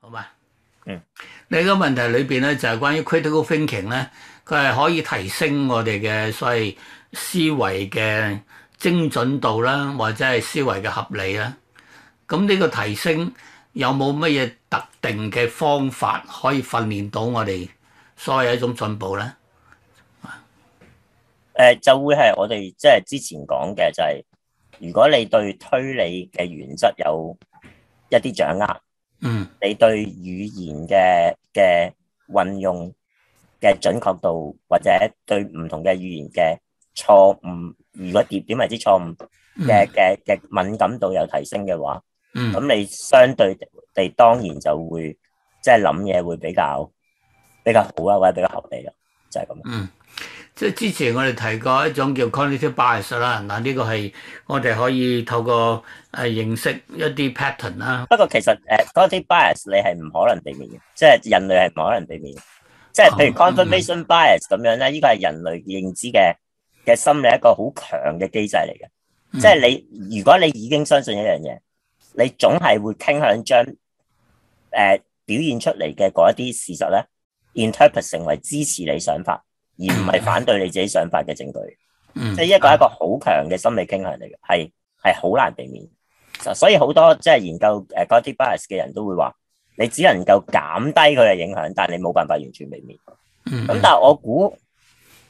好嘛？嗯，你個問題裏邊咧就係關於 critical thinking 咧，佢係可以提升我哋嘅所謂思維嘅精準度啦，或者係思維嘅合理啦。咁呢個提升有冇乜嘢特定嘅方法可以訓練到我哋所謂一種進步咧？誒、呃，就會係我哋即係之前講嘅、就是，就係如果你對推理嘅原則有一啲掌握。嗯，你對語言嘅嘅運用嘅準確度，或者對唔同嘅語言嘅錯誤，如果疊點或者錯誤嘅嘅嘅敏感度有提升嘅話，咁、嗯、你相對地當然就會即係諗嘢會比較比較好啊，或者比較合理咯，就係、是、咁。嗯即係之前我哋提過一種叫 cognitive bias 啦，嗱呢個係我哋可以透過誒認識一啲 pattern 啦。不過其實誒 cognitive bias 你係唔可能避免嘅，即係人類係唔可能避免。即係譬如 confirmation bias 咁樣咧，呢個係人類認知嘅嘅心理一個好強嘅機制嚟嘅。嗯、即係你如果你已經相信一樣嘢，你總係會傾向將誒、呃、表現出嚟嘅嗰一啲事實咧 interpret 成為支持你想法。而唔係反對你自己想法嘅證據，嗯、即係一個一個好強嘅心理傾向嚟嘅，係係好難避免。所以好多即係研究誒嗰啲 bias 嘅人都會話，你只能夠減低佢嘅影響，但係你冇辦法完全避免。咁、嗯、但係我估，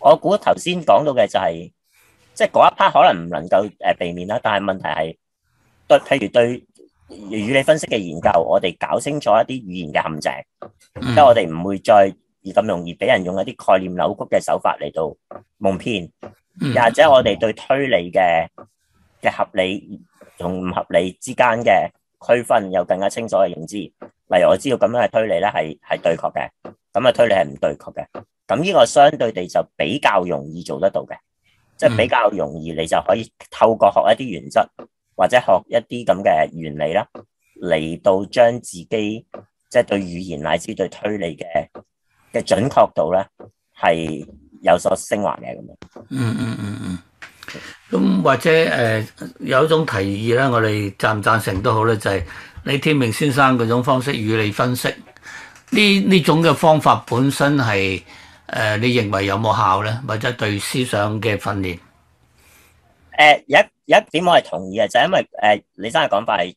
我估頭先講到嘅就係、是，即係嗰一 part 可能唔能夠誒避免啦。但係問題係對，譬如對語理分析嘅研究，我哋搞清楚一啲語言嘅陷阱，即係、嗯嗯、我哋唔會再。而咁容易俾人用一啲概念扭曲嘅手法嚟到蒙騙，又或者我哋對推理嘅嘅合理同唔合理之間嘅區分有更加清楚嘅認知。例如我知道咁樣嘅推理咧係係對確嘅，咁嘅推理係唔對確嘅。咁呢個相對地就比較容易做得到嘅，即係比較容易你就可以透過學一啲原則或者學一啲咁嘅原理啦，嚟到將自己即係對語言乃至對推理嘅。嘅準確度咧係有所升華嘅咁樣，嗯嗯嗯嗯，咁或者誒、呃、有一種提議咧，我哋贊唔贊成都好咧，就係、是、李天明先生嗰種方式與你分析呢呢種嘅方法本身係誒、呃、你認為有冇效咧，或者對思想嘅訓練？誒、呃，有有一點我係同意嘅，就係、是、因為誒李、呃、生嘅講法係，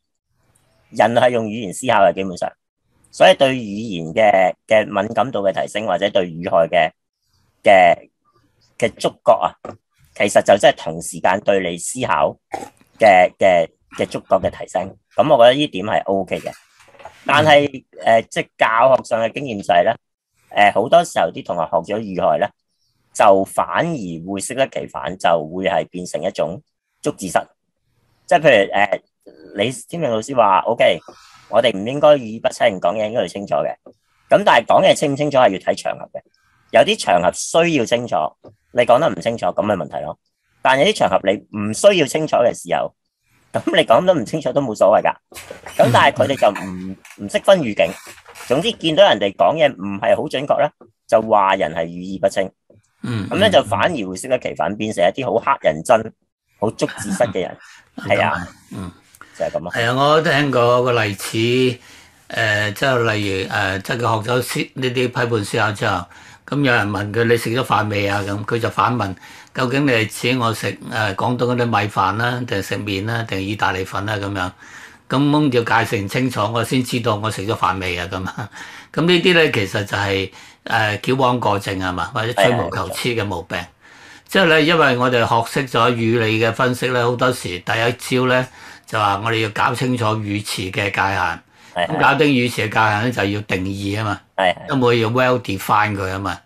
人係用語言思考嘅基本上。所以對語言嘅嘅敏感度嘅提升，或者對語害嘅嘅嘅觸覺啊，其實就真係同時間對你思考嘅嘅嘅觸覺嘅提升，咁我覺得呢點係 OK 嘅。但係誒，即係教學上嘅經驗就係咧，誒好多時候啲同學學咗語害咧，就反而會適得其反，就會係變成一種捉字蝨。即係譬如誒，李天命老師話 OK。我哋唔應該語意不清，講嘢應該係清楚嘅。咁但係講嘢清唔清楚係要睇場合嘅。有啲場合需要清楚，你講得唔清楚咁係問題咯。但有啲場合你唔需要清楚嘅時候，咁你講得唔清楚都冇所謂㗎。咁但係佢哋就唔唔識分語境。總之見到人哋講嘢唔係好準確啦，就話人係語意不清。嗯，咁、嗯、咧就反而會適得其反，變成一啲好黑人憎、好捉字蝨嘅人。係、嗯嗯、啊，嗯。係啊、 嗯，我都聽過個例子，誒、呃，即、就、係、是、例如誒，即係佢學咗呢啲批判思考之後，咁有人問佢你食咗飯未啊？咁佢就反問：究竟你係指我食誒、呃、廣東嗰啲米飯啦，定係食麵啦，定係意大利粉啦咁樣？咁掹條界線清楚，我先知道我食咗飯未啊咁啊！咁 呢啲咧其實就係、是、誒、呃、矯枉過正係嘛，或者吹毛求疵嘅毛病。哎即係咧，因為我哋學識咗語理嘅分析咧，好多時第一招咧就話我哋要搞清楚語詞嘅界限。係。咁搞定語詞嘅界限咧，就要定義啊嘛。係。都冇要 well define 佢啊嘛。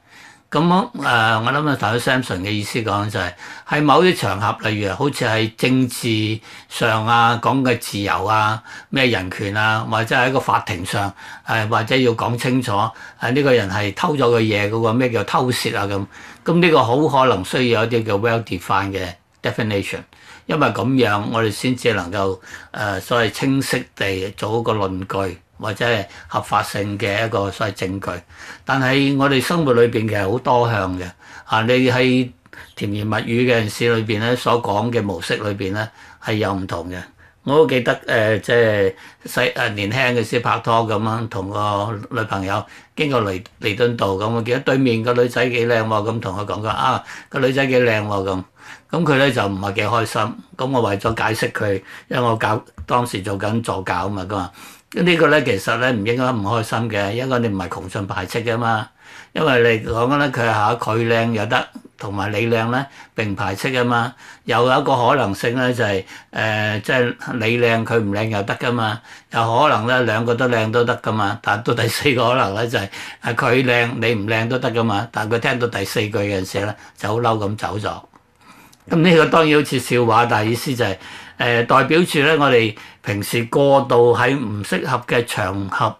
咁誒、呃，我諗啊 Samson 嘅意思講就係、係、喺某啲場合，例如好似係政治上啊，講嘅自由啊，咩人權啊，或者喺個法庭上，誒或者要講清楚，誒、啊、呢、呢個人係偷咗個嘢嗰個咩叫偷竊啊咁。咁呢個好可能需要一啲叫 well defined 嘅 definition，因為咁樣我哋先至能夠誒所謂清晰地做一個論據或者係合法性嘅一個所謂證據。但係我哋生活裏邊其實好多項嘅，啊，你喺甜言蜜語嘅事裏邊咧所講嘅模式裏邊咧係有唔同嘅。我都記得誒，即係細誒年輕嘅時拍拖咁樣，同個女朋友經過彌敦道咁，我見到對面個女仔幾靚喎，咁同佢講句啊，個女仔幾靚喎咁。咁佢咧就唔係幾開心。咁我為咗解釋佢，因為我搞當時做緊助教啊嘛，咁啊、這個、呢個咧其實咧唔應該唔開心嘅，因為你唔係窮盡排斥㗎嘛，因為你講緊咧佢嚇佢靚又得。同埋你靚呢並排斥啊嘛，又有一個可能性呢，就係誒，即係你靚佢唔靚又得噶嘛，有可能呢兩個都靚都得噶嘛，但到第四個可能呢，就係啊佢靚你唔靚都得噶嘛，但佢聽到第四句嘅時候呢，就好嬲咁走咗。咁呢個當然好似笑話，但係意思就係誒代表住呢我哋平時過度喺唔適合嘅場合，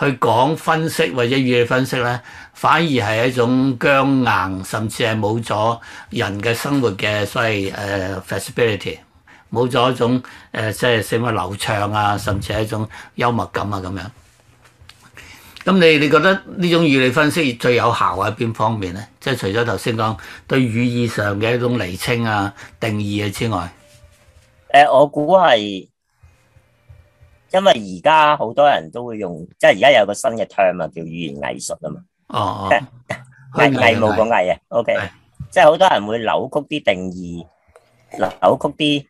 去講分析或者語理分析呢，反而係一種僵硬，甚至係冇咗人嘅生活嘅所謂誒、uh, feasibility，冇咗一種誒即係乜嘢流暢啊，甚至係一種幽默感啊咁樣。咁你你覺得呢種語理分析最有效喺邊方面呢？即係除咗頭先講對語義上嘅一種釐清啊、定義啊之外，呃、我估係。因為而家好多人都會用，即係而家有個新嘅 term 啊，叫語言藝術啊嘛。哦，係， 係冇講藝嘅，OK 的。即係好多人會扭曲啲定義，扭曲啲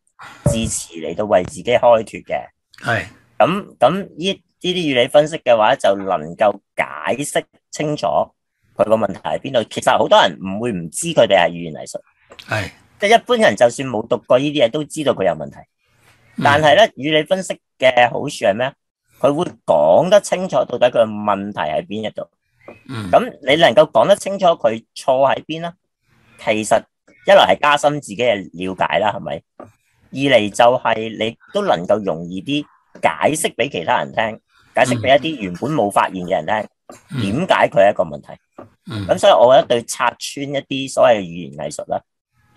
字詞嚟到為自己開脫嘅。係的。咁咁呢呢啲語理分析嘅話，就能夠解釋清楚佢個問題喺邊度。其實好多人唔會唔知佢哋係語言藝術。係的。即係一般人就算冇讀過呢啲嘢，都知道佢有問題。但係咧，與你分析嘅好處係咩？佢會講得清楚到底佢嘅問題喺邊一度。咁你能夠講得清楚佢錯喺邊啦。其實一來係加深自己嘅了解啦，係咪？二嚟就係你都能夠容易啲解釋俾其他人聽，解釋俾一啲原本冇發現嘅人聽，點解佢係一個問題。咁所以我覺得對拆穿一啲所謂嘅語言藝術呢，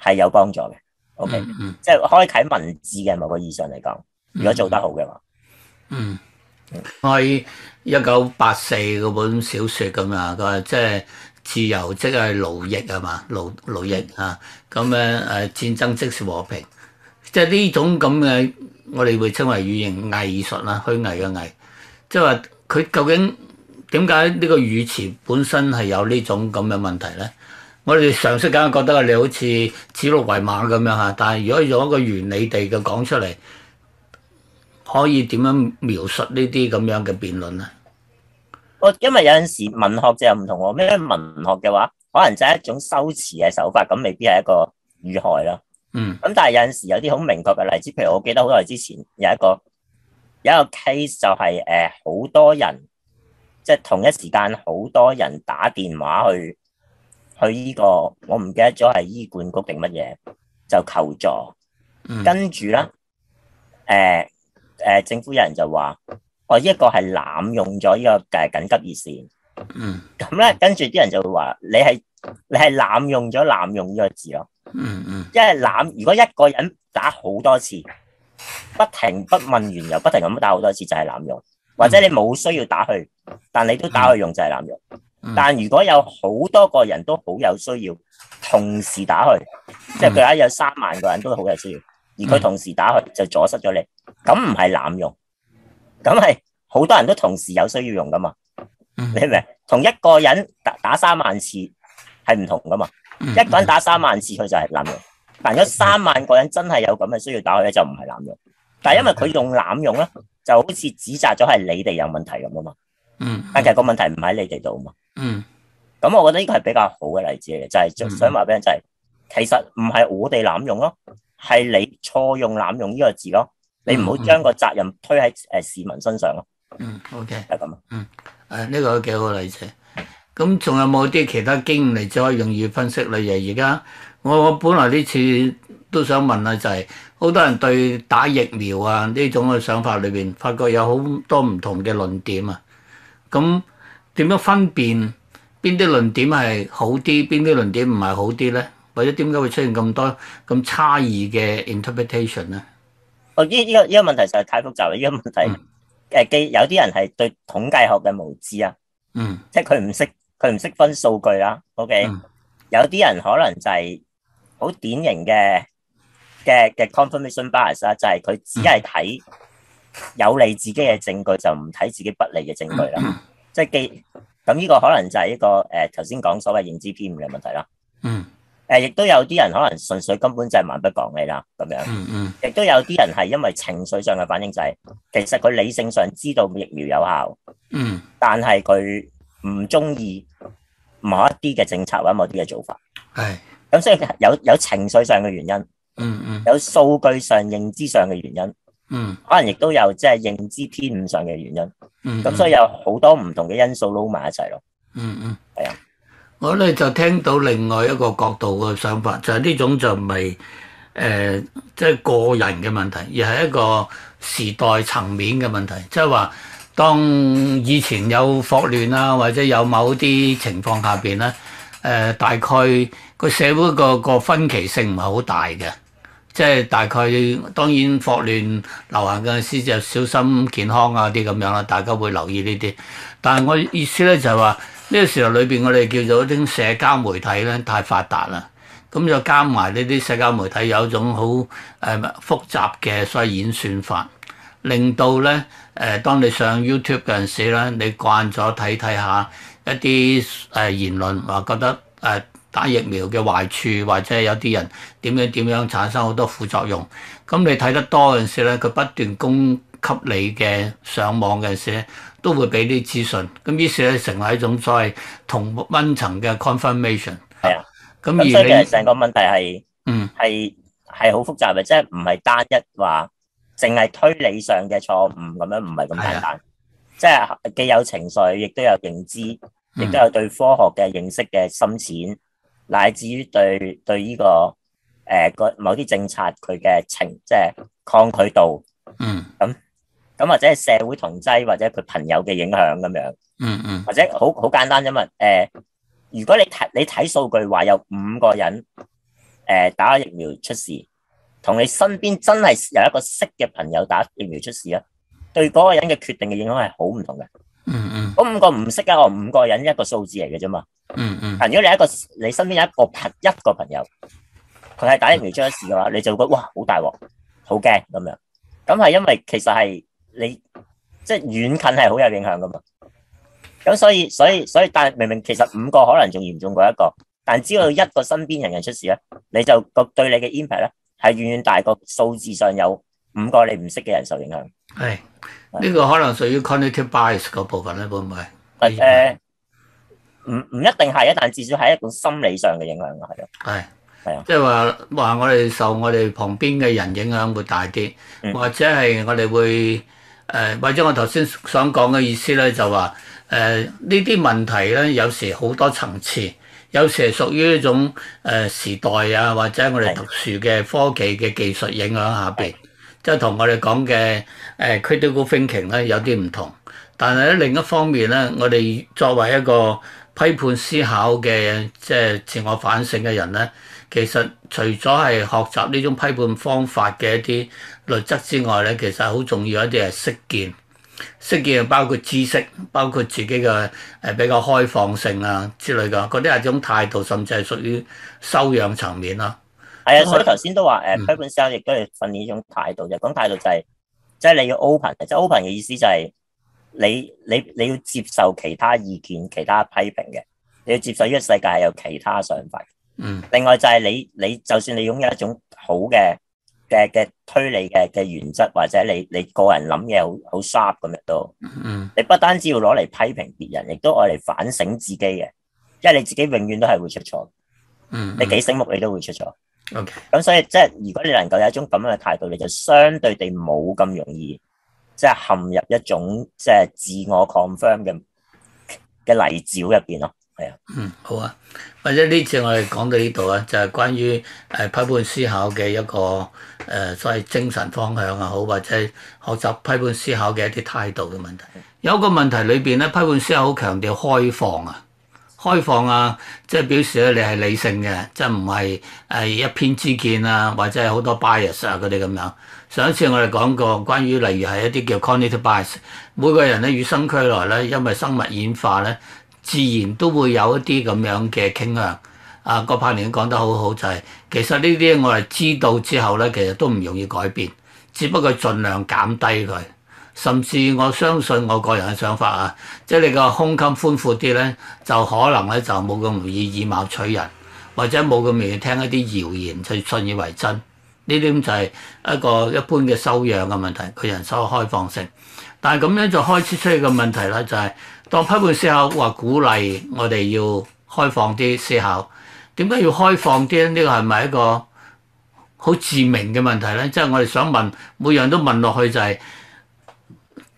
係有幫助嘅。OK，嗯，嗯即係開啟文字嘅，某個意義上嚟講，嗯、如果做得好嘅話，嗯，係一九八四嗰本小說咁啊，佢話即係自由即係奴役啊嘛，奴奴役啊，咁咧誒戰爭即是和平，即係呢種咁嘅，我哋會稱為語言藝術啦，虛偽嘅偽，即係話佢究竟點解呢個語詞本身係有呢種咁嘅問題咧？我哋常識梗係覺得你好似指鹿為馬咁樣嚇，但係如果用一個原理地嘅講出嚟，可以點樣描述這這樣呢啲咁樣嘅辯論咧？因為有陣時文學就係唔同喎，咩文學嘅話，可能就係一種修辭嘅手法，咁未必係一個語害咯。嗯。咁但係有陣時有啲好明確嘅例子，譬如我記得好耐之前有一個有一個 case 就係誒好多人，即係同一時間好多人打電話去。去呢、這個我唔記得咗係醫管局定乜嘢就求助，跟住呢，誒、呃、誒、呃，政府有人就話我一個係濫用咗呢個誒緊急熱線，嗯，咁呢跟住啲人就會話你係你係濫用咗濫用呢個字咯，嗯嗯，因為濫如果一個人打好多次，不停不問完又不停咁打好多次就係、是、濫用，或者你冇需要打去，但你都打去用就係、是、濫用。但如果有好多個人都好有需要，同時打佢，即係譬如有三萬個人都好有需要，而佢同時打佢就阻塞咗你，咁唔係濫用，咁係好多人都同時有需要用噶嘛？你明唔明？同一個人打打三萬次係唔同噶嘛？嗯，一個人打三萬次佢就係濫用，但係如果三萬個人真係有咁嘅需要打佢咧，就唔係濫用。但係因為佢用濫用咧，就好似指責咗係你哋有問題咁啊嘛。嗯，但係其實個問題唔喺你哋度啊嘛。嗯，咁我覺得呢個係比較好嘅例子嚟嘅，就係、是、想話俾人就係、是，嗯、其實唔係我哋濫用咯，係你錯用濫用呢個字咯，你唔好將個責任推喺誒市民身上咯。嗯，OK，係咁、嗯、啊。嗯，誒呢個都幾好嘅例子，咁仲有冇啲其他經驗嚟就可以容易分析咧？又而家我我本來呢次都想問下就係、是，好多人對打疫苗啊呢種嘅想法裏邊，發覺有好多唔同嘅論點啊，咁。點樣分辨邊啲論點係好啲，邊啲論點唔係好啲咧？或者點解會出現咁多咁差異嘅 interpretation 咧？哦，呢呢個呢個問題就係太複雜啦！呢、呢個問題誒，既、嗯啊、有啲人係對統計學嘅無知啊，嗯，即係佢唔識佢唔識分數據啦。OK、嗯、有啲人可能就係好典型嘅嘅嘅 confirmation bias 啦，就係佢只係睇有利自己嘅證據，嗯、就唔睇自己不利嘅證據啦。即係記，咁呢個可能就係一個誒，頭先講所謂認知偏誤嘅問題啦。嗯。誒，亦都有啲人可能純粹根本就係蠻不講理啦，咁樣。嗯嗯。亦、嗯、都有啲人係因為情緒上嘅反應、就是，就係其實佢理性上知道疫苗有效。嗯。但係佢唔中意某一啲嘅政策或者某啲嘅做法。係、哎。咁所以有有情緒上嘅原因。嗯嗯。嗯嗯有數據上、認知上嘅原因。嗯，可能亦都有即係認知偏誤上嘅原因，咁、嗯嗯、所以有好多唔同嘅因素撈埋一齊咯。嗯嗯，係啊的，我咧就聽到另外一個角度嘅想法，就係、是、呢種就唔係誒即係個人嘅問題，而係一個時代層面嘅問題，即係話當以前有霍亂啊，或者有某啲情況下邊咧，誒、呃、大概個社會個個分歧性唔係好大嘅。即係大概，當然霍亂流行嘅陣時就小心健康啊啲咁樣啦，大家會留意呢啲。但係我意思咧就係話，呢、呢個時候裏邊我哋叫做一啲社交媒體咧太發達啦。咁就加埋呢啲社交媒體有一種好誒、呃、複雜嘅所謂演算法，令到咧誒、呃，當你上 YouTube 嘅陣時咧，你慣咗睇睇下一啲誒、呃、言論，話覺得誒。呃打疫苗嘅壞處，或者有啲人點樣點樣產生好多副作用。咁你睇得多嗰陣時咧，佢不斷供給你嘅上網嘅時，都會俾啲資訊。咁於是咧，成為一種所謂同溫層嘅 confirmation。係啊的。咁而你成個問題係，係係好複雜嘅，即係唔係單一話淨係推理上嘅錯誤咁樣，唔係咁簡單。即係的既有情緒，亦都有認知，亦都、嗯、有對科學嘅認識嘅深淺。乃至於對對呢、這個誒個、呃、某啲政策佢嘅情即係抗拒度，嗯，咁咁或者係社會同儕或者佢朋友嘅影響咁樣，嗯嗯，或者好好簡單啫嘛，誒、呃，如果你睇你睇數據話有五個人誒、呃、打疫苗出事，同你身邊真係有一個識嘅朋友打疫苗出事啊，對嗰個人嘅決定嘅影響係好唔同嘅。嗯嗯，咁五個唔識啊，我五個人一個數字嚟嘅啫嘛。嗯嗯，如果你一個你身邊有一個朋一個朋友，佢係打疫苗出咗事嘅話，你就覺得哇好大鑊，好驚咁樣。咁係因為其實係你即係遠近係好有影響噶嘛。咁所以所以所以但係明明其實五個可能仲嚴重過一個，但只要一個身邊人人出事咧，你就個對你嘅 impact 咧係遠遠大過數字上有五個你唔識嘅人受影響。係。呢個可能屬於 cognitive bias 嗰部分咧，會唔會？係誒、呃，唔唔一定係啊，但至少係一種心理上嘅影響咯，係咯。係啊是，的即係話話我哋受我哋旁邊嘅人影響會大啲，嗯、或者係我哋會誒、呃，或者我頭先想講嘅意思咧，就話誒呢啲問題咧，有時好多層次，有時係屬於一種誒、呃、時代啊，或者我哋特殊嘅科技嘅技術影響下邊。的即係同我哋講嘅誒，critical thinking 呢有啲唔同，但係呢另一方面呢，我哋作為一個批判思考嘅即係自我反省嘅人呢，其實除咗係學習呢種批判方法嘅一啲律則之外呢，其實好重要一啲係識見，識見包括知識，包括自己嘅誒比較開放性啊之類嘅，嗰啲係一種態度，甚至係屬於修養層面啦。係啊，所以頭先都話，誒 professional 亦，嗯、都係訓練一種態度嘅。就咁態度就係，即係你要 open，即係 open 嘅意思就係，是，你你你要接受其他意見、其他批評嘅，你要接受呢個世界係有其他想法。嗯。另外就係你你就算你擁有一種好嘅嘅嘅推理嘅嘅原則，或者你你個人諗嘢好好 sharp 咁樣都，嗯、你不單止要攞嚟批評別人，亦都攞嚟反省自己嘅，因為你自己永遠都係會出錯。嗯、你幾醒目，你都會出錯。咁所以即係如果你能夠有一種咁樣嘅態度，你就相對地冇咁容易，即係陷入一種即係自我 confirm 嘅嘅泥沼入邊咯。係啊，嗯，好啊，或者呢次我哋講到呢度啊，就係、是、關於誒批判思考嘅一個誒、呃，所謂精神方向啊好，或者係學習批判思考嘅一啲態度嘅問題。有個問題裏邊咧，批判思考好強調開放啊。開放啊，即係表示咧你係理性嘅，即係唔係誒一偏之見啊，或者係好多 bias 啊嗰啲咁樣。上一次我哋講過關於例如係一啲叫 cognitive bias，每個人咧與生俱來咧，因為生物演化咧，自然都會有一啲咁樣嘅傾向。啊，郭柏年講得好好就係、是，其實呢啲我哋知道之後咧，其實都唔容易改變，只不過盡量減低佢。甚至我相信我個人嘅想法啊，即係你個胸襟寬闊啲咧，就可能咧就冇咁容易以貌取人，或者冇咁容易聽一啲謠言就信以為真。呢啲就係一個一般嘅修養嘅問題，佢人所開放性。但係咁樣就開始出嚟嘅問題啦、就是，就係當批判思考話鼓勵我哋要開放啲思考，點解要開放啲咧？呢、這個係咪一個好致命嘅問題咧？即、就、係、是、我哋想問每樣都問落去就係、是。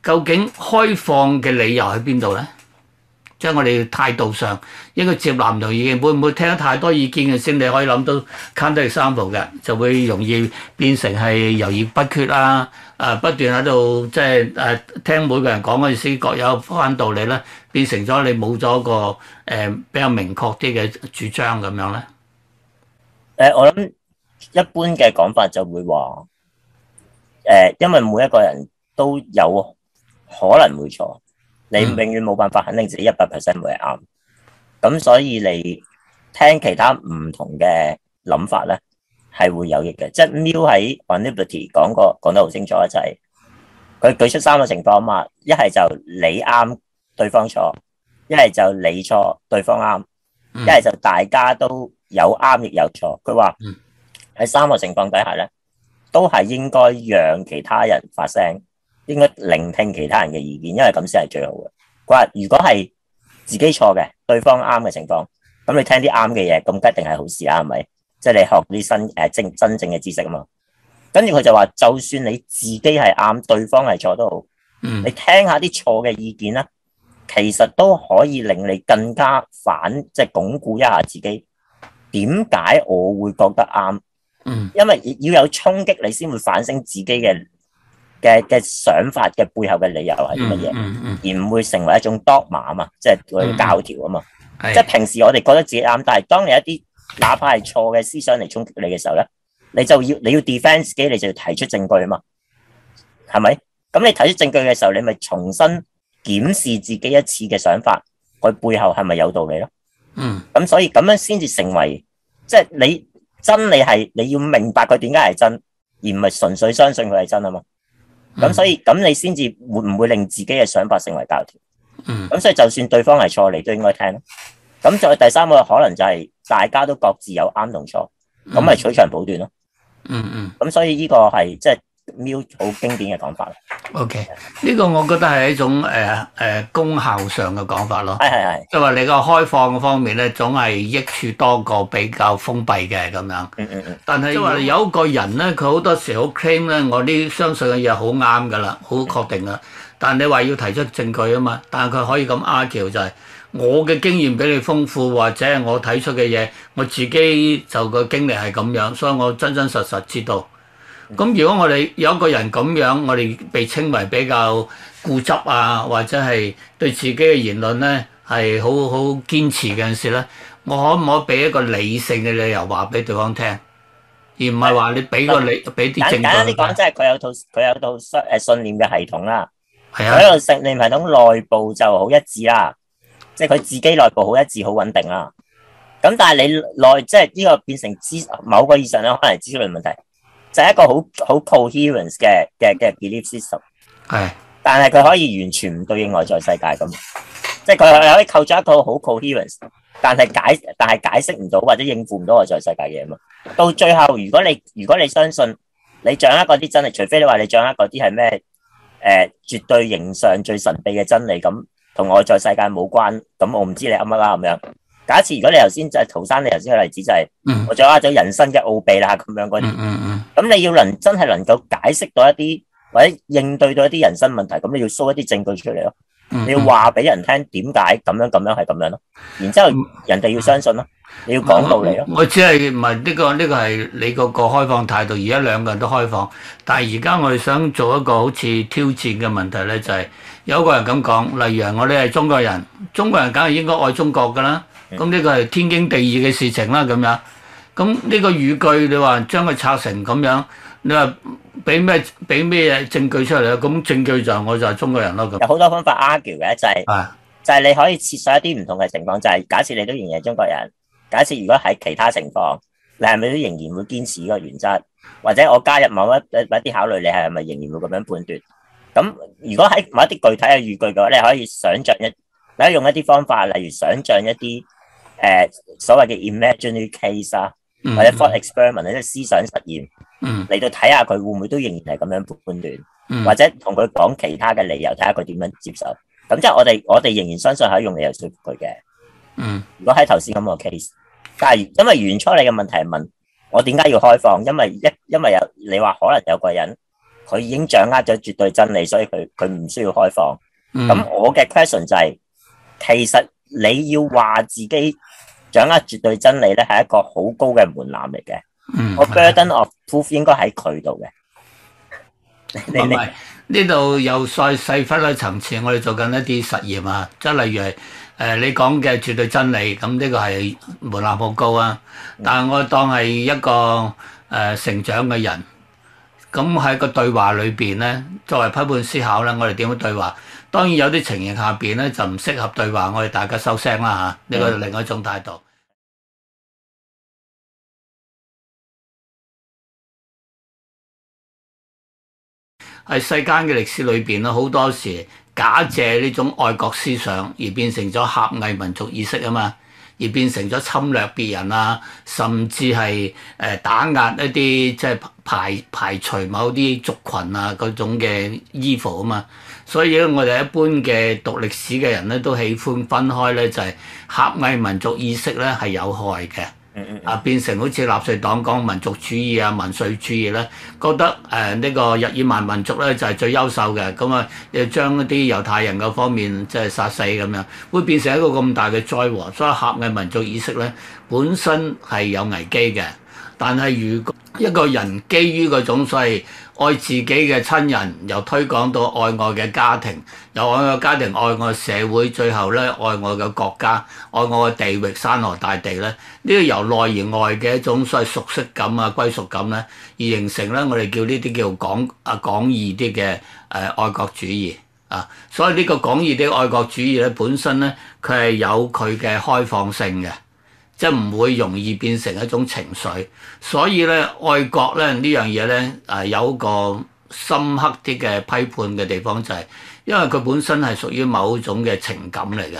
究竟開放嘅理由喺邊度咧？即係我哋態度上應該接納唔同意見，會唔會聽得太多意見嘅先？你可以諗到，counter 三步嘅，就會容易變成係猶豫不決啦。啊、呃，不斷喺度即係誒、呃、聽每個人講嘅時，各有番道理啦，變成咗你冇咗個誒、呃、比較明確啲嘅主張咁樣咧。誒、呃，我諗一般嘅講法就會話誒、呃，因為每一個人都有。可能會錯，你永遠冇辦法肯定自己一百 percent 會啱，咁所以你聽其他唔同嘅諗法咧，係會有益嘅。即係 Mill 喺《On Liberty》講過，講得好清楚，就係佢舉出三個情況啊嘛。一係就你啱，對方錯；一係就你錯，對方啱；一係就大家都有啱亦有錯。佢話喺三個情況底下咧，都係應該讓其他人發聲。應該聆聽其他人嘅意見，因為咁先係最好嘅。佢話：如果係自己錯嘅，對方啱嘅情況，咁你聽啲啱嘅嘢，咁一定係好事啊？係咪？即係你學啲新誒真真正嘅知識啊嘛。跟住佢就話：就算你自己係啱，對方係錯都好，嗯，你聽下啲錯嘅意見啦，其實都可以令你更加反，即係鞏固一下自己點解我會覺得啱，嗯，因為要有衝擊，你先會反省自己嘅。嘅嘅想法嘅背後嘅理由係啲乜嘢，嗯嗯、而唔會成為一種 dogma 嘛，即係教條啊嘛。嗯、即係平時我哋覺得自己啱，但係當你有一啲哪怕係錯嘅思想嚟衝擊你嘅時候咧，你就要你要 defend 自己，你就要提出證據啊嘛。係咪？咁你提出證據嘅時候，你咪重新檢視自己一次嘅想法，佢背後係咪有道理咯？嗯。咁所以咁樣先至成為，即係你真理係你要明白佢點解係真，而唔係純粹相信佢係真啊嘛。咁所以咁你先至會唔會令自己嘅想法成為教條？咁、嗯、所以就算對方係錯，你都應該聽咯。咁再第三個可能就係大家都各自有啱同錯，咁咪、嗯、取長補短咯。嗯嗯。咁所以呢個係即係。就是瞄好經典嘅講法 OK，呢個我覺得係一種誒誒、呃呃、功效上嘅講法咯。係係即係話你個開放方面咧，總係益處多過比較封閉嘅咁樣。嗯嗯嗯。但係有一個人咧，佢好多時好 claim 咧，我啲相信嘅嘢好啱噶啦，好確定噶。嗯、但係你話要提出證據啊嘛。但係佢可以咁 argue 就係、是，我嘅經驗比你豐富，或者係我睇出嘅嘢，我自己就個經歷係咁樣，所以我真真實實知道。咁如果我哋有一個人咁樣，我哋被稱為比較固執啊，或者係對自己嘅言論咧係好好堅持嘅陣時咧，我可唔可以俾一個理性嘅理由話俾對方聽，而唔係話你俾個理俾啲證據簡，簡單講，即係佢有套佢有套信信念嘅系統啦，佢個信念系統內部就好一致啦，即係佢自己內部好一致好穩定啦。咁但係你內即係呢個變成知某個以上咧，可能係知識論問題。就係一個好好 coherence 嘅嘅嘅 belief system，係，但係佢可以完全唔對應外在世界咁，即係佢可以構造一套好 coherence，但係解但係解釋唔到或者應付唔到外在世界嘅嘢嘛。到最後，如果你如果你相信你掌握嗰啲真理，除非你話你掌握嗰啲係咩誒絕對形上最神秘嘅真理咁，同外在世界冇關，咁我唔知你啱唔啱咁樣。假設如果你頭先就係陶生，你頭先個例子就係、是，嗯、我掌握咗人生嘅奧秘啦，咁樣嗰啲，咁、嗯嗯嗯、你要能真係能夠解釋到一啲或者應對到一啲人生問題，咁你要 show 一啲證據出嚟咯，嗯嗯、你要話俾人聽點解咁樣咁樣係咁樣咯，然之後人哋要相信咯，嗯、你要講道理咯。我只係唔係呢個呢、呢個係你個個開放態度，而家兩個人都開放，但係而家我哋想做一個好似挑戰嘅問題咧，就係、是、有個人咁講，例如我哋係中國人，中國人梗係應，應該愛中國㗎啦。咁呢個係天經地義嘅事情啦，咁樣。咁呢個語句，你話將佢拆成咁樣，你話俾咩俾咩證據出嚟咧？咁證據就係、我就係中國人咯。咁有好多方法 argue 嘅，就係、係、唉就係你可以設想一啲唔同嘅情況，就係、係、假設你都仍然係中國人。假設如果喺其他情況，你係咪都仍然會堅持呢個原則？或者我加入某一啲考慮，你係咪仍然會咁樣判斷？咁如果喺某一啲具體嘅語句嘅話，你可以想像一，你可以用一啲方法，例如想像一啲。誒，所謂嘅 imaginary case 啊、mm，hmm. 或者 thought experiment，即思想實驗，嚟到睇下佢會唔會都仍然係咁樣判斷，mm hmm. 或者同佢講其他嘅理由，睇下佢點樣接受。咁即係我哋，我哋仍然相信係用理由說服佢嘅。嗯、mm，hmm. 如果喺頭先咁個 case，但係因為原初你嘅問題問我點解要開放？因為一因為有你話可能有個人，佢已經掌握咗絕對真理，所以佢佢唔需要開放。咁、mm hmm. 我嘅 question 就係、是，其實你要話自己。掌握絕對真理咧，係一個好高嘅門檻嚟嘅。嗯、我 burden of、proof、應該喺佢度嘅。唔係呢度又再細分個層次，我哋做緊一啲實驗啊，即係例如係誒、呃、你講嘅絕對真理，咁呢個係門檻好高啊。嗯、但係我當係一個誒、呃、成長嘅人，咁喺個對話裏邊咧，作為批判思考咧，我哋點樣對話？當然有啲情形下邊咧就唔適合對話，我哋大家收聲啦吓。呢、啊、個另外一種態度。嗯喺世間嘅歷史裏邊啦，好多時假借呢種愛國思想而變成咗狹隘民族意識啊嘛，而變成咗侵略別人啊，甚至係誒打壓一啲即係排排除某啲族群啊嗰種嘅衣服啊嘛。所以咧，我哋一般嘅讀歷史嘅人呢，都喜歡分開呢、就是，就係狹隘民族意識呢係有害嘅。啊！變成好似納粹黨講民族主義啊、民粹主義咧，覺得誒呢個日耳曼民族咧就係最優秀嘅，咁啊要將一啲猶太人嘅方面即係殺死咁樣，會變成一個咁大嘅災禍。所以狹隘嘅民族意識咧，本身係有危機嘅，但係如果，一個人基於嗰種所以愛自己嘅親人，又推廣到愛我嘅家庭，又愛我家庭愛我社會，最後咧愛我嘅國家，愛我嘅地域山河大地咧，呢個由內而外嘅一種所謂熟悉感啊歸屬感咧，而形成咧我哋叫呢啲叫廣啊廣義啲嘅誒愛國主義啊，所以呢個廣義啲愛國主義咧本身咧佢係有佢嘅開放性嘅。即係唔會容易變成一種情緒，所以咧，愛國咧呢樣嘢咧，誒有個深刻啲嘅批判嘅地方就係因為佢本身係屬於某一種嘅情感嚟嘅，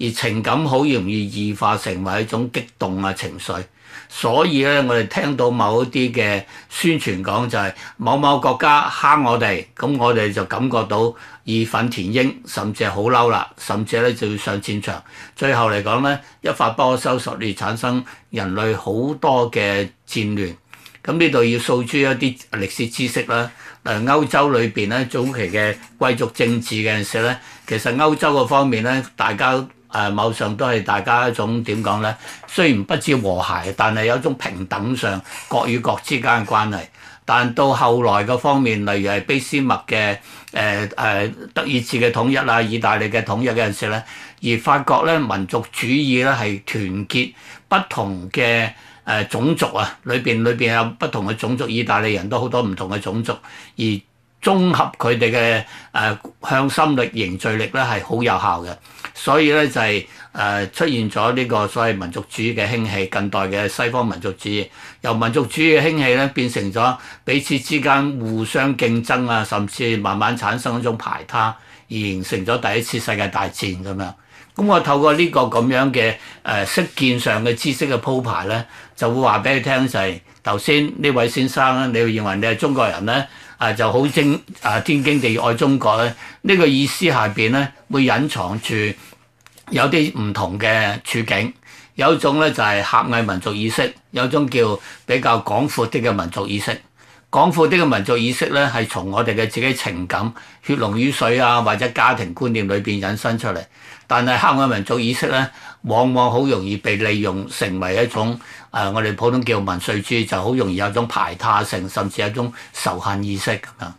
而情感好容易異化成為一種激動啊情緒。所以咧，我哋聽到某一啲嘅宣傳講就係、是、某某國家蝦我哋，咁我哋就感覺到義憤填膺，甚至係好嬲啦，甚至咧就要上戰場。最後嚟講咧，一發不可收拾，你產生人類好多嘅戰亂。咁呢度要訴諸一啲歷史知識啦。誒，歐洲裏邊咧，早期嘅貴族政治嘅時候咧，其實歐洲個方面咧，大家。誒某上都係大家一種點講咧？雖然不知和諧，但係有一種平等上國與國之間嘅關係。但到後來個方面，例如係俾斯麥嘅誒誒德意志嘅統一啊，意大利嘅統一嘅陣時咧，而法國咧民族主義咧係團結不同嘅誒種族啊，裏邊裏邊有不同嘅種族，意大利人都好多唔同嘅種族而。綜合佢哋嘅誒向心力、凝聚力咧係好有效嘅，所以咧就係誒出現咗呢個所謂民族主義嘅興起，近代嘅西方民族主義由民族主義嘅興起咧變成咗彼此之間互相競爭啊，甚至慢慢產生一種排他，而形成咗第一次世界大戰咁樣。咁我透過呢個咁樣嘅誒識見上嘅知識嘅鋪排咧，就會話俾你聽就係頭先呢位先生咧，你會認為你係中國人咧？啊，就好精啊！天經地義愛中國咧，呢個意思下邊咧，會隱藏住有啲唔同嘅處境。有一種咧就係狹隘民族意識，有一種叫比較廣闊啲嘅民族意識。廣闊啲嘅民族意識咧，係從我哋嘅自己情感、血濃於水啊，或者家庭觀念裏邊引申出嚟。但係，香港人嘅民族意識咧，往往好容易被利用成為一種誒，我哋普通叫民粹主義，就好容易有一種排他性，甚至有一種仇恨意識咁樣。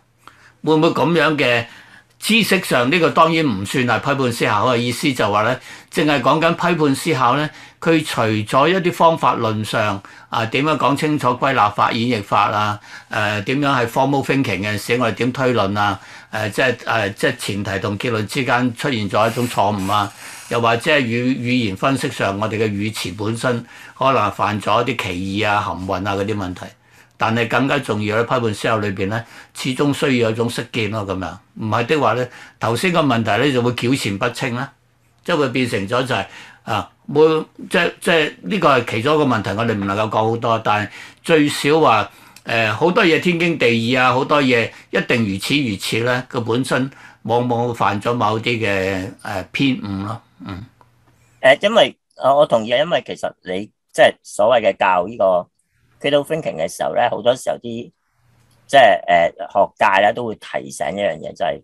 會唔會咁樣嘅？知識上呢個當然唔算係批判思考，我意思就話咧，淨係講緊批判思考咧，佢除咗一啲方法論上啊，點樣講清楚歸納法、演繹法啊，誒點樣係 formal thinking 嘅事，我哋點推論啊，誒、啊、即係誒、啊、即係前提同結論之間出現咗一種錯誤啊，又或者係語語言分析上，我哋嘅語詞本身可能犯咗啲歧義啊、含混啊嗰啲問題。但係更加重要咧，批判思考裏邊咧，始終需要有一種識見咯，咁樣唔係的話咧，頭先個問題咧就會糾纏不清啦，即係會變成咗就係、是、啊，冇即即係呢、這個係其中一個問題，我哋唔能夠講好多，但係最少話誒好多嘢天經地義啊，好多嘢一定如此如此咧，佢本身往往犯咗某啲嘅誒偏誤咯，嗯誒，因為我我同意啊，因為其實你即係所謂嘅教呢、這個。critical thinking 嘅時候咧，好多時候啲即係誒、呃、學界咧都會提醒一樣嘢，就係、是、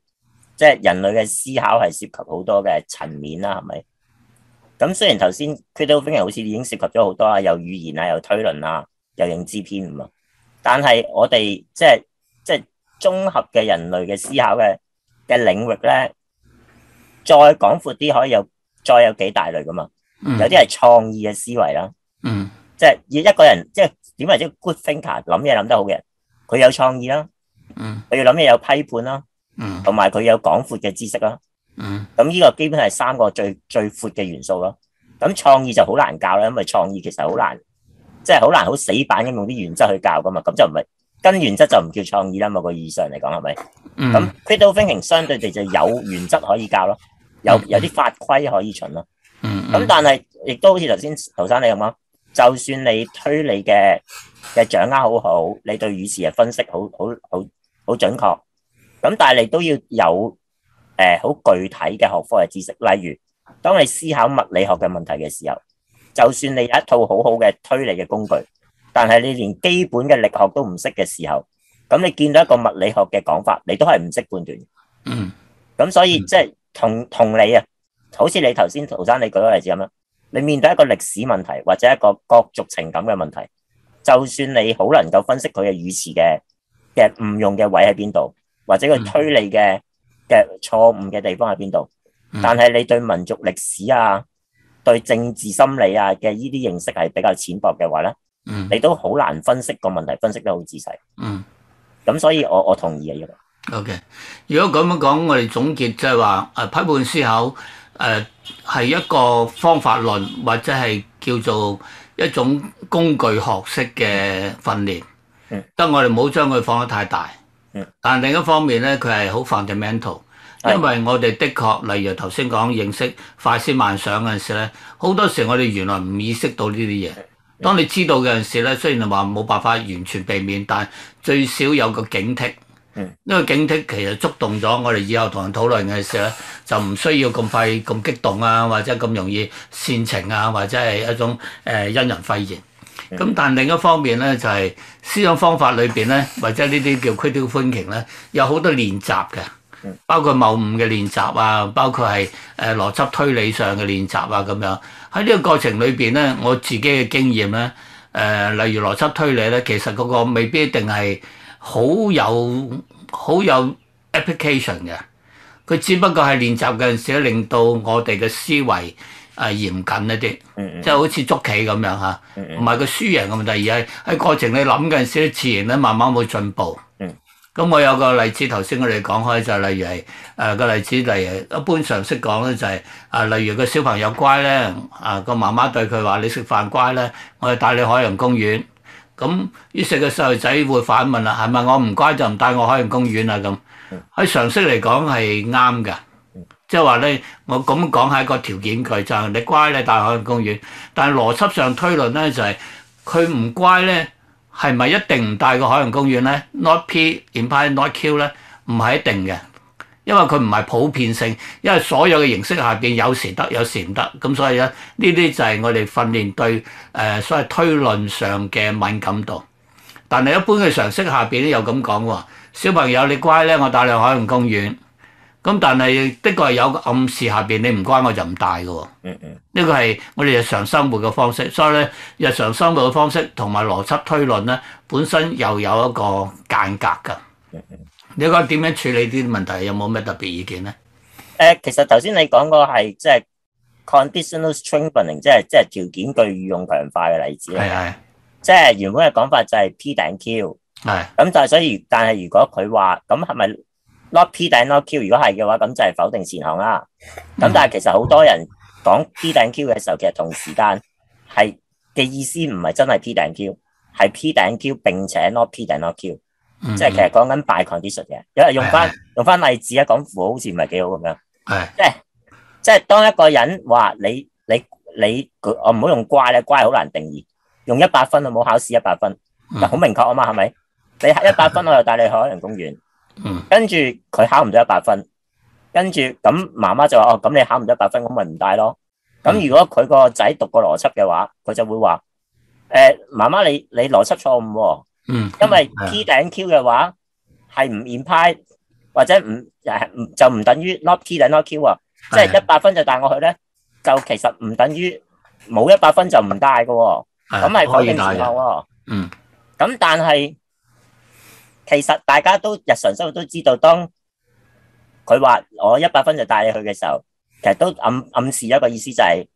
即係人類嘅思考係涉及好多嘅層面啦，係咪？咁雖然頭先 critical thinking 好似已經涉及咗好多啊，有語言啊，有推論啊，有認知篇誤偏誤嘛，但係我哋即係即係綜合嘅人類嘅思考嘅嘅領域咧，再廣闊啲可以有再有幾大類噶嘛？有啲係創意嘅思維啦。嗯。即係要一個人即係。點為之 good thinker 諗嘢諗得好嘅人，佢有創意啦，嗯，佢要諗嘢有批判啦，嗯，同埋佢有廣闊嘅知識啦，嗯，咁呢個基本係三個最最闊嘅元素咯。咁創意就好難教啦，因為創意其實好難，即係好難好死板咁用啲原則去教噶嘛，咁就唔係跟原則就唔叫創意啦嘛。某個意義上嚟講係咪？咁 good、嗯、thinking 相對地就有原則可以教咯、嗯，有有啲法規可以循咯。咁、嗯嗯、但係亦都好似頭先頭生你咁咯。就算你推理嘅嘅掌握好好，你對語詞嘅分析好好好好準確，咁但係你都要有誒好、呃、具體嘅學科嘅知識。例如，當你思考物理學嘅問題嘅時候，就算你有一套好好嘅推理嘅工具，但係你連基本嘅力學都唔識嘅時候，咁你見到一個物理學嘅講法，你都係唔識判斷。嗯。咁所以即係、就是、同同理啊，好似你頭先陶生你舉個例子咁樣。你面對一個歷史問題或者一個各族情感嘅問題，就算你好能夠分析佢嘅語詞嘅嘅誤用嘅位喺邊度，或者佢推理嘅嘅錯誤嘅地方喺邊度，嗯，但係你對民族歷史啊、對政治心理啊嘅呢啲認識係比較淺薄嘅話咧，嗯，你都好難分析個問題，分析得好仔細。嗯，咁所以我我同意啊，如果，OK，如果咁樣講，我哋總結就係話，誒，批判思考。誒係、uh, 一個方法論，或者係叫做一種工具學識嘅訓練，得的我哋唔好將佢放得太大。的但另一方面呢，佢係好 fundamental，的因為我哋的確，例如頭先講認識快思慢想嗰陣時咧，好多時我哋原來唔意識到呢啲嘢。的當你知道嗰陣時呢，雖然話冇辦法完全避免，但最少有個警惕。因為警惕其實觸動咗我哋以後同人討論嘅時候，就唔需要咁快咁激動啊，或者咁容易煽情啊，或者係一種誒、呃、因人廢言。咁但另一方面咧，就係、是、思想方法裏邊咧，或者呢啲叫 critical thinking 咧，有好多練習嘅，包括謬誤嘅練習啊，包括係誒、呃、邏輯推理上嘅練習啊咁樣。喺呢個過程裏邊咧，我自己嘅經驗咧，誒、呃、例如邏輯推理咧，其實嗰個未必一定係好有。好有 application 嘅，佢只不過係練習嗰陣時，令到我哋嘅思維誒、呃、嚴謹一啲，嗯嗯、即係好似捉棋咁樣嚇，唔、啊、係、嗯嗯、個輸贏嘅問題，而係喺過程你諗嗰陣時，自然咧慢慢會進步。咁、嗯、我有個例子，頭先我哋講開就係、例如係誒、呃、個例子例如一般常識講咧就係、是、啊、呃，例如個小朋友乖咧，啊個媽媽對佢話：你食飯乖咧，我哋帶你海洋公園。咁於是個細路仔會反問啦，係咪我唔乖就唔帶我海洋公園啊？咁喺常識嚟講係啱㗎，即係話咧，我咁講係一個條件句，就係、是、你乖你帶海洋公園，但係邏輯上推論咧就係佢唔乖咧係咪一定唔帶去海洋公園咧？Not p imply not q 咧唔係一定嘅。因為佢唔係普遍性，因為所有嘅形式下邊有時得有時唔得，咁所以咧呢啲就係我哋訓練對誒、呃、所謂推論上嘅敏感度。但係一般嘅常識下邊咧有咁講喎，小朋友你乖咧，我帶你去海洋公園。咁但係的確係有個暗示下邊你唔乖我就唔帶㗎。嗯嗯，呢個係我哋日常生活嘅方式，所以咧日常生活嘅方式同埋邏輯推論咧本身又有一個間隔㗎。你覺得點樣處理啲問題？有冇咩特別意見咧？誒，其實頭先你講過係即係 conditional strengthening，即係即係條件句用強化嘅例子。係係。即係原本嘅講法就係 p 頂 q。係。咁但係所以，但係如果佢話咁，係咪 not p 頂 not q？如果係嘅話，咁就係否定前項啦。咁、嗯、但係其實好多人講 p 頂 q 嘅時候，其實同時間係嘅意思唔係真係 p 頂 q，係 p 頂 q 並且 not p 頂 not q。嗯、即係其實講緊大概 c k 嘅，有係用翻用翻例子啊，講符好似唔係幾好咁樣。係，即係即係當一個人話你你你，我唔好用乖啦，乖好難定義。用一百分啊，冇考試一百分，好、嗯、明確啊嘛，係咪？你一百分我就帶你去海洋公員，嗯、跟住佢考唔到一百分，跟住咁媽媽就話哦，咁你考唔到一百分，咁咪唔帶咯。咁如果佢個仔讀個邏輯嘅話，佢就會話誒，媽、欸、媽你你邏輯錯誤。嗯，因為 key 頂 Q 嘅話係唔 imply 或者唔誒就唔等於 not key 頂 not Q 啊，即係一百分就帶我去咧，就其實唔等於冇一百分就唔帶嘅，咁係對應唔到咯。嗯，咁但係其實大家都日常生活都知道，當佢話我一百分就帶你去嘅時候，其實都暗暗示一個意思就係、是、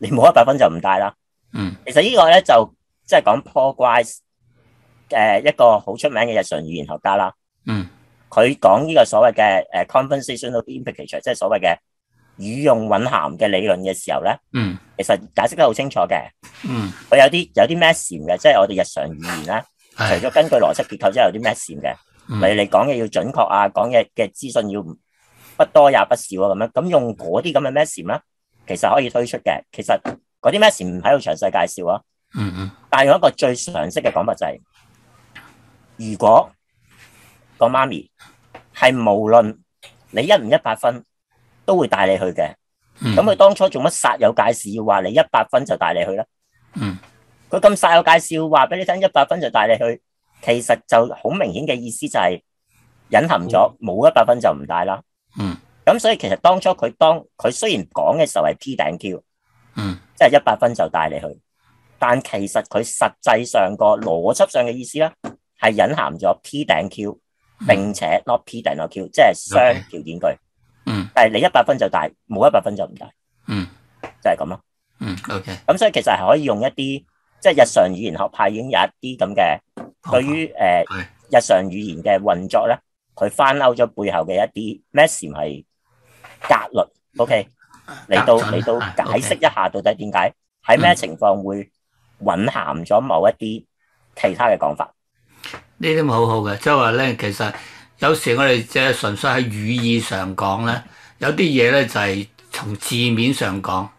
你冇一百分就唔帶啦。嗯，其實個呢個咧就即係講 progress。誒一個好出名嘅日常語言學家啦，嗯，佢講呢個所謂嘅誒 conversational implicature，即係所謂嘅語用蘊含嘅理論嘅時候咧，嗯，其實解釋得好清楚嘅，嗯，佢有啲有啲咩潛嘅，即係我哋日常語言咧，除咗根據邏輯結構之外，有啲咩潛嘅，唔係你講嘢要準確啊，講嘢嘅資訊要不多也不少咁樣，咁用嗰啲咁嘅咩潛咧，其實可以推出嘅，其實嗰啲咩潛唔喺度詳細介紹啊，嗯嗯，嗯但係用一個最常識嘅講法就係、是。如果個媽咪係無論你一唔一百分，都會帶你去嘅，咁佢、嗯、當初做乜煞有介事，話你一百分就帶你去咧？佢咁煞有介事話俾你聽，一百分就帶你去，其實就好明顯嘅意思就係隱含咗冇一百分就唔帶啦。嗯，咁所以其實當初佢當佢雖然講嘅時候係 P 頂 Q，即係、嗯、一百分就帶你去，但其實佢實際上個邏輯上嘅意思咧。係隱含咗 P 頂 Q，並且 not P 頂 not Q，即係雙條件句。嗯。Okay. 但係你一百分就大，冇一百分就唔大。嗯、mm.。就係咁咯。嗯。O K。咁所以其實係可以用一啲即係日常語言學派已經有一啲咁嘅對於誒、呃、Okay. 日常語言嘅運作咧，佢翻勾咗背後嘅一啲 maxim 係格律。O、okay? K 準。嚟到你，你都解釋一下到底點解喺咩情況會隱含咗某一啲其他嘅講法？就是、呢啲咪好好嘅，即係話咧，其實有時我哋即係純粹喺語意上講咧，有啲嘢咧就係從字面上講，呢、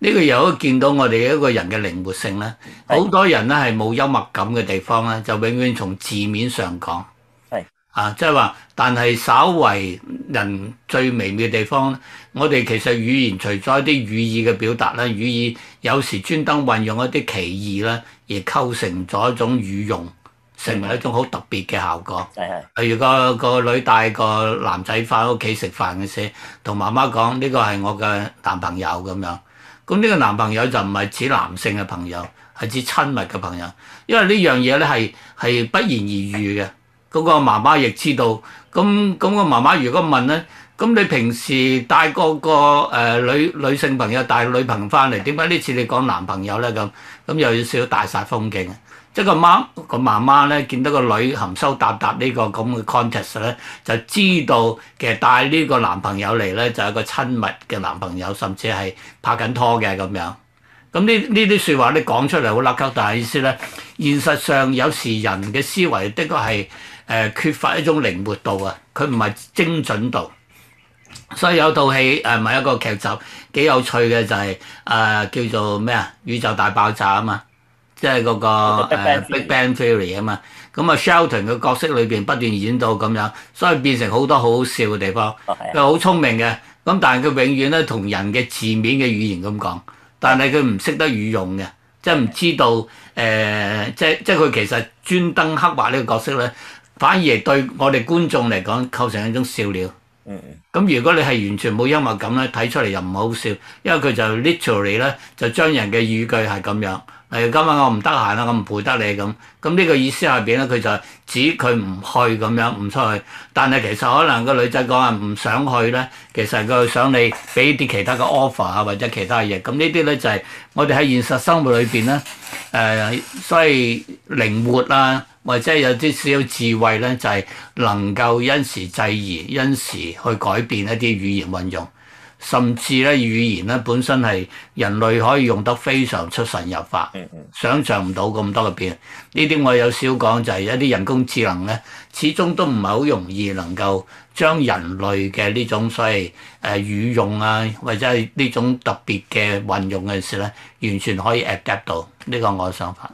呢個又可見到我哋一個人嘅靈活性咧。好多人咧係冇幽默感嘅地方咧，就永遠從字面上講。係啊，即係話，但係稍為人最微妙嘅地方，我哋其實語言除咗一啲語意嘅表達咧，語意有時專登運用一啲歧義咧，亦構成咗一種語用。成為一種好特別嘅效果。的例如果、個女帶個男仔翻屋企食飯嘅時，同媽媽講：呢個係我嘅男朋友咁樣。咁呢個男朋友就唔係指男性嘅朋友，係指親密嘅朋友。因為呢樣嘢咧係係不言而喻嘅。嗰個媽媽亦知道。咁咁個媽媽如果問咧，咁你平時帶個個女女性朋友帶女朋友翻嚟，點解呢次你講男朋友咧咁？咁又要少少大煞風景。即係個媽個媽媽咧，見到個女含羞答答呢、這個咁嘅 context 咧，context，就知道其實帶呢個男朋友嚟咧，就係個親密嘅男朋友，甚至係拍緊拖嘅咁樣。咁呢呢啲說話咧講出嚟好 logic 但係意思咧，現實上有時人嘅思維的確係誒缺乏一種靈活度啊，佢唔係精準度。所以有套戲唔係一個劇集幾有趣嘅就係、是、誒、呃、叫做咩啊？宇宙大爆炸啊嘛！即係嗰、那個 Big Bang Theory 啊嘛，咁啊 Shelton 嘅角色裏邊不斷演到咁樣，所以變成好多好好笑嘅地方。佢好、oh, yeah. 聰明嘅，咁但係佢永遠咧同人嘅字面嘅語言咁講，但係佢唔識得語用嘅，即係唔知道誒 Yeah.、呃，即即係佢其實專登刻畫呢個角色咧，反而對我哋觀眾嚟講構成一種笑料。嗯咁、mm hmm. 如果你係完全冇幽默感咧，睇出嚟又唔好笑，因為佢就 literally 咧就將人嘅語句係咁樣。誒，今日我唔得閒啦，我唔陪得你咁，咁呢個意思下邊咧，佢就指佢唔去咁樣唔出去，但係其實可能個女仔講話唔想去咧，其實佢想你俾啲其他嘅 offer 啊，或者其他嘢，咁呢啲咧就係我哋喺現實生活裏邊咧，誒、呃，所以靈活啊，或者有啲少少智慧咧，就係、是、能夠因時制宜，因時去改變一啲語言運用。甚至咧語言咧本身係人類可以用得非常出神入化， 想像唔到咁多嘅變。呢啲我有少講，就係一啲人工智能咧，始終都唔係好容易能夠將人類嘅呢種所謂誒、呃、語用啊，或者係呢種特別嘅運用嘅事咧，完全可以 adapt 到。呢個我嘅想法。